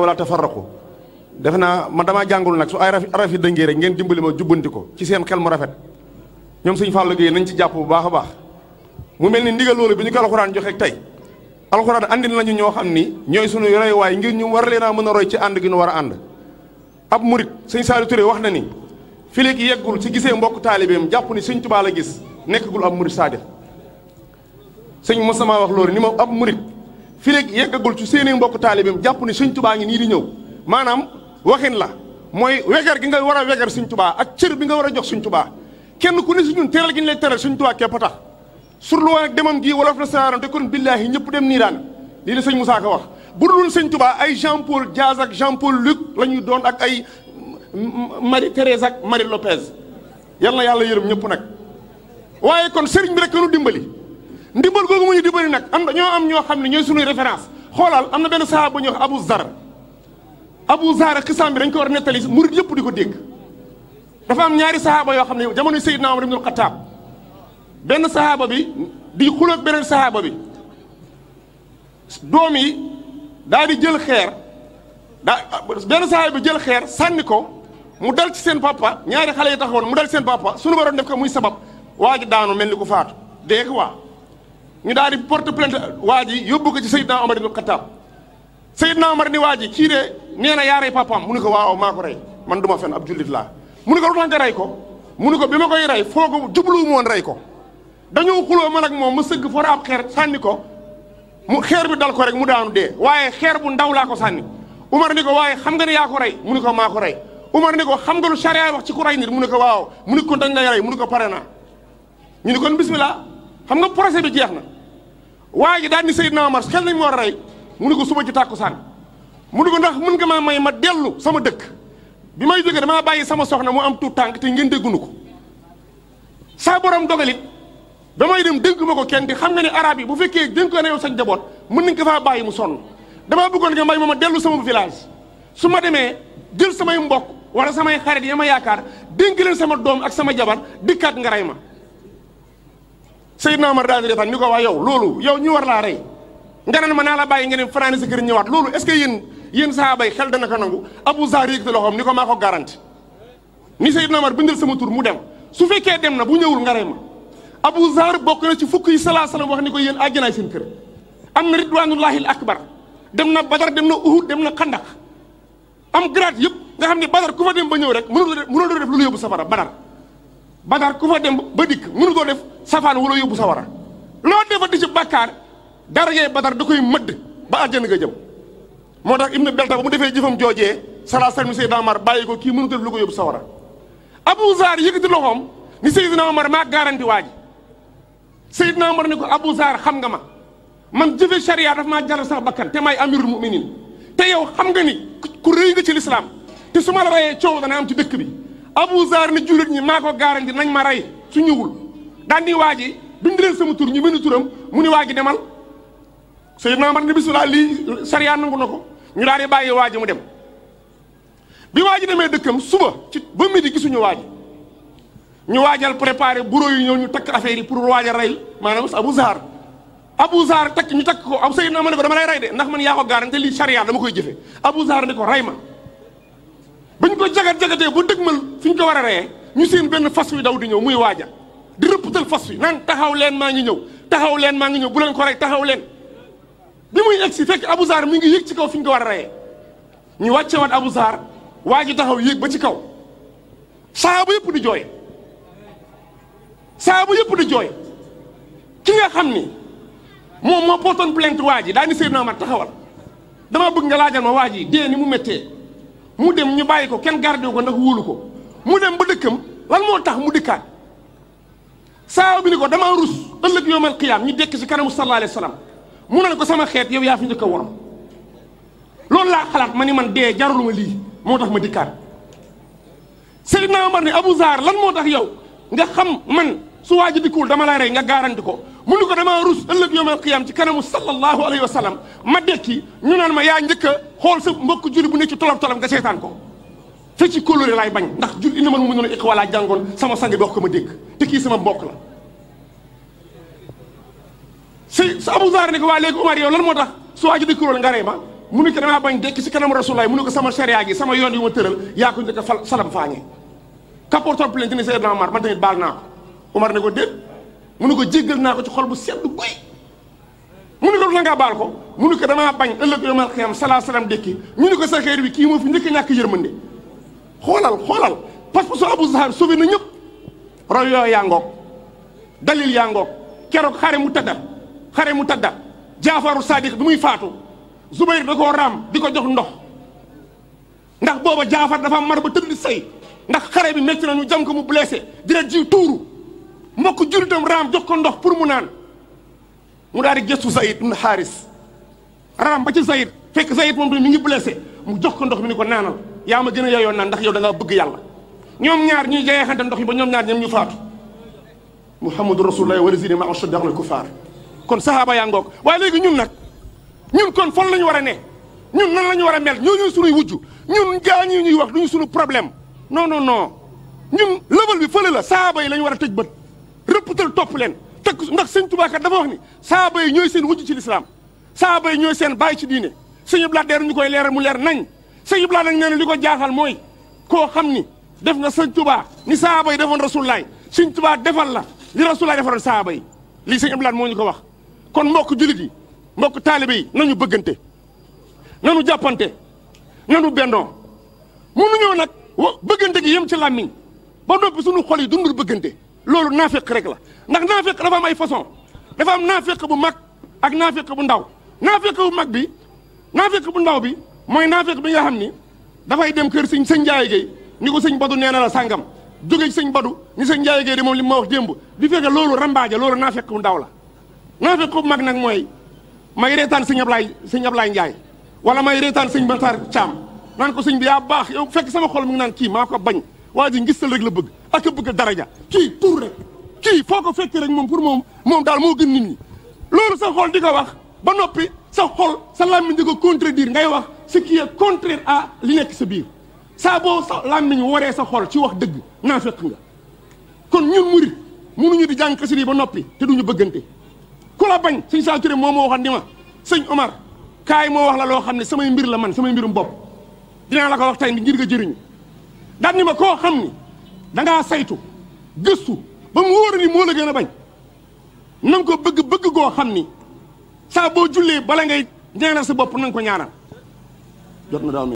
wala tafarraqu defe naa man damaa jàngul nag su ay araf yi dëngee rek ngeen dimbali ma jubbanti ko ci seen xel mu rafet ñoom suñ fàllu gi nañ ci jàpp bu baax a baax mu mel ni ndigal loolu bi ñu ko alxuraan joxe tey alxuraan andil nañu ñoo xam ni ñooy sunu roy waay ngir ñu war leen a mën a roy ci ànd gi ñu war a ànd ab murit sëñ Saliou wax na ni fileeg yeggul ci gisee mbokk taalibeem jàpp ni sëñ Tuubaa la gis nekkagul ab murit saadix sëñ Moussa wax loolu ni ma ab fii léegi yeggagul ci seeni mbokk taalibeem jàpp ne sëñ tubaa ngi nii di ñëw maanaam waxin la mooy weger gi nga war a weger sëñ tubaa ak cër bi nga war a jox sëñ tubaa kenn ku ne si ñun teral gi ñu lay teral sëñ tubaa képp a tax surluwaa ak demam gii wolof na saaram te kon billaahi ñëpp dem nii daan lii la sëñ Moussa Ka wax bu dul sëñ tubaa ay Jean Paul Diaz ak Jean Paul Luc la ñuy doon ak ay Marie Thérèse mari Marie Lopez yal na yàlla yërëm ñëpp nag waaye kon sëriñ la ñu dimbali ndimbal gogum ñu dimbali nak am na ñoo am ñoo xamni ñoy suñu référence xolal amna ben sahabu ñu Abu Zar Abu Zar ak bi dañ ko war netali nettali murid yëpp di ko dafa am ñaari sahaba yo xamni jamono sayyidna umar ibn al-khattab ben sahaba bi di xuloog benen sahaba bi domi yi di jël xeer da benn sahaba bi jël xeer sànni ko mu dal ci sen papa ñaari xale yi taxawoon mu dal ci seen papa sunu borom def ko muy sabab waji daanu melni ko faatu deg nga ñu daal di porte plainte waa ji yóbbu ko ci Seydina Omar ibn Khattab Seydina Omar ni waa ji kii de nee na yaa rey papaam mu ne ko waaw maa ko rey man du ma fen ab jullit laa mu ne ko lu tax nga rey ko mu ne ko bi ma koy rey foo ko jubluwu moon rey ko dañoo xuloo ma ak moom ma sëgg for ab xeer sànni ko mu xeer bi dal ko rek mu daanu dee waaye xeer bu ndaw laa ko sànni Umar ni ko waaye xam nga ne yaa ko rey mu ne ko maa ko rey Umar ni ko xam nga lu charia wax ci ku rey nit mu ne ko waaw mu ne ko dañ lay rey mu ko pare naa ñu ni kon bismillah xam nga procès bi jeex na waa ji daal ni naa Omar xel nañ moo rey mu ne ko suba ci tàkkusaan mu ne ko ndax mën nga maa may ma dellu sama dëkk bi may jógee damaa bàyyi sama soxna mu am tuut tànk te ngeen déggunu ko saa borom dogalit ba may dem dénk ma ko kenn di xam nga ne arab yi bu fekkee dénk na yow sa njaboot mën nañ ko faa bàyyi mu sonn damaa bëggoon nga may ma ma dellu sama village su ma demee jël samay mbokk wala samay xarit yi ma yaakaar dénk leen sama doom ak sama jabar dikkaat nga rey ma Seydina Omar daal di ni ko waa yow loolu yow ñu war laa rey nga naan ma naa la bàyyi nga ne fanaani sa kër ñëwaat loolu est-ce que yéen yéen saaba xel dana ko nangu Abu Zar yëkkati loxoom ni ko maa ko garanti ni Seydina bindal sama tur mu dem su fekkee dem na bu ñëwul nga rey ma Abu bokk na ci fukk yi salaa salaam wax ni ko yéen àjjanaay seen kër am na ridwanullahil akbar dem na Badar dem na Uhud dem na Xandak am grade yëpp nga xam ne Badar ku ba ñëw rek mënuloo def safara Badar bakaar ku fa dem ba dik munu ko def safan wala yobu sawara lo loo di ci bàkkaar dara ye badar da koy ba aljana ga jëm motax tax ibnu belta bu mu defee jëfam joojee salaa salmi seydina omar bàyyi ko ki munu ko def lu ko yobu sawara abu zar yegati loxom ni sayyid amar ma garanti waji sayyid amar omar ni ko abu zar xam nga ma man jëfé sharia daf ma jaral sax bakkan te may amirul muminin te yow xam nga ni ku rëy nga ci l'islam te suma ma la rayee coow dana am ci dëkk bi Abu saar ni jullit ñi maa ko garanti nañ ma rey su ñëwul daan di waa ji bind leen sama tur ñu bind turam mu ni waa ji demal naa man ni bisimilah lii sariya nangu na ko ñu daal di bàyyi waa ji mu dem. bi waa ji demee dëkkam suba ci ba midi gisuñu waa ji ñu waajal préparé bureau yu ñëw ñu takk affaire yi pour waajal rey maanaam Abu Zar Abu Zar takk ñu takk ko ab Seydina ma ne ko dama lay rey de ndax man yaa ko garanti lii sariya dama koy jëfe Abu Zar ni ko rey ma. ko jagat-jagatee ba dëgmal fi ñu ko war a reyee ñu seen benn fas wi daw di ñëw muy waaja di rëppatal fas wi naan taxaw leen maa ngi ñëw taxaw leen maa ngi ñëw bu leen ko rey taxaw leen bi muy egsi fekk Abuzar mi ngi yéeg ci kaw fi ñu ko war a reyee ñu wàccewaat Abuzar waa ji taxaw yéeg ba ci kaw saaba yëpp di jooy saaba yëpp di jooy ki nga xam ni moom moo pootoon plainte waa ji daa ni Seydina Omar taxawal dama bëgg nga laajal ma waa ji dee ni mu méttee mu dem ñu bàyyi ko kenn gardé ko ndax wóolu ko mu dem ba dëkkam lan moo tax mu dëkkaat saaw bi ni ko damaa rus ëllëg yoomal xiyaam ñi dekk si kanamu sallallahu alayhi wa sallam mu ne ko sama xeet yow yaa fi njëkk a worom loolu laa xalaat ma ni man dee jarul ma lii moo tax ma dikkaat Seydina Omar ni Abu saar lan moo tax yow nga xam man su waa ji dikkul dama lay rey nga garanti ko mu ni ko damaa rus ëllëg yoomal qiyaam ci kanamu sallallahu alayhi wa sallam ma dekki ñu naan ma yaa njëkk xool sa mbokk julli bu ne ci tolof tolof nga seetaan ko te ci kóllëre laay bañ ndax jul ina man mu noonu walaa jàngoon sama sang bi wax ko kii sama mbokk la si sa Abu Zarr ne ko waa léegi Umar moo tax su waa ji dikkulool nga rey ma mu ni ko damaa bañ dekki si kanamu rasulullahi mu ni ko sama sharia gi sama yoon yu ma tëral yaa ko njëkk a salam faañee ka porte plainte ni Seydina Omar ne ko déet mu ne ko jéggal naa ko ci xol bu sedd guy mu ne loolu la ngaa baal ko mu ko damaa bañ ëllëg yomal xiyam salaa dékki ñu ne ko sa xeer bi kii moo fi njëkk a ñàkk yërmande xoolal xoolal parce que su Abu Zahab sauvé na ñëpp roy yooyu yaa ngoog dalil yaa ngoog keroog xare mu tadda xare mu tadda jaafaru sadiq bi muy faatu Zubayr da koo raam di ko jox ndox ndax booba jaafar dafa mar ba tëdd say ndax xare bi métti na ñu jam ko mu blessé dina mbokk juritam raam jox ko ndox pour mu naan mu daal di gëstu Zayd ibn Haris raam ba ci Zayd fekk Zayd moom tamit mi ngi blessé mu jox ko ndox mi ni ko naanal yaa ma gën a yoon naan ndax yow danga bëgg yàlla ñoom ñaar ñuy jeexante ndox yi ba ñoom ñaar ñoom ñu faatu muhammadu rasulullah walazina maa ashaddu alal kufaar kon sahaaba yaa ngoog waaye léegi ñun nag ñun kon fan la ñu war a ne ñun nan la war a mel ñooñu suñuy wujj ñun gaañi ñuy wax duñu suñu problème bi fële la sahaaba yi la war a tëj bët rëppatal topp leen tekk ndax sëñ Tuubaa kat dafa wax ni saaba yi ñooy seen wujj ci lislaam saaba yi ñooy seen baay ci diine sëñ Abdu Lahat ñu koy leeral mu leer nañ sëñ Abdu Lahat na li ko jaaxal mooy koo xam ni def nga sëñ Tuubaa ni saaba yi defoon rasulullaay sëñ Tuubaa defal la li rasulullaay defaroon saaba yi lii sëñ Abdu Lahat moo ñu ko wax kon mbokk jullit yi mbokk taalibe yi nañu bëggante nanu jàppante nanu bendoo mënuñoo nag bëggante gi yem ci làmmiñ ba noppi suñu xol yi dundul bëggante loolu naafeq rek la ndax naafeq dafa am ay façon dafa am naafeq bu mag ak naafeq bu ndaw naafeq bu mag bi naafeq bu ndaw bi mooy naafeq bi nga xam ni dafay dem kër sëñ sëñ Ndiaye Gueye ni ko sëñ Badu nee na la sàngam jóge ci sëñ Badu ni sëñ Ndiaye Gueye de moom li ma wax démb di fekk loolu rambaaja loolu naafeq bu ndaw la naafeq bu mag nag mooy may reetaan sëñ Ablaye sëñ Ablaye Ndiaye wala may reetaan sëñ Matar Thiam naan ko sëñ bi yaa baax yow fekk sama xol mu ngi naan kii maa ko bañ waji ji ngistal rek la bëgg ak bëgg dara ja ki tour rek ki foko fekk rek mom pour mom mom dal mo gën nit ñi lolu sa xol diko wax ba nopi sa xol sa lamine diko contredire ngay wax ce qui est contraire à li nekk sa biir sa bo sa lamine woré sa xol ci wax dëgg naa fekk nga kon ñun mourid mënu ñu di jàng xasida yi ba nopi te duñu bëggante ku la bañ sëñ sa touré moo ma waxoon ni ma Omar kay mo wax la lo xam ne samay mbir la man samay mbirum bop dina la ko wax tay ngir nga jëriñu daan ni ma koo xam ni dangaa saytu gëstu ba mu wóor ni moo la gën a bañ ko bëgg bëgg koo xam ni saa boo bala ngay ñaanal sa bopp na ko ñaanal jot na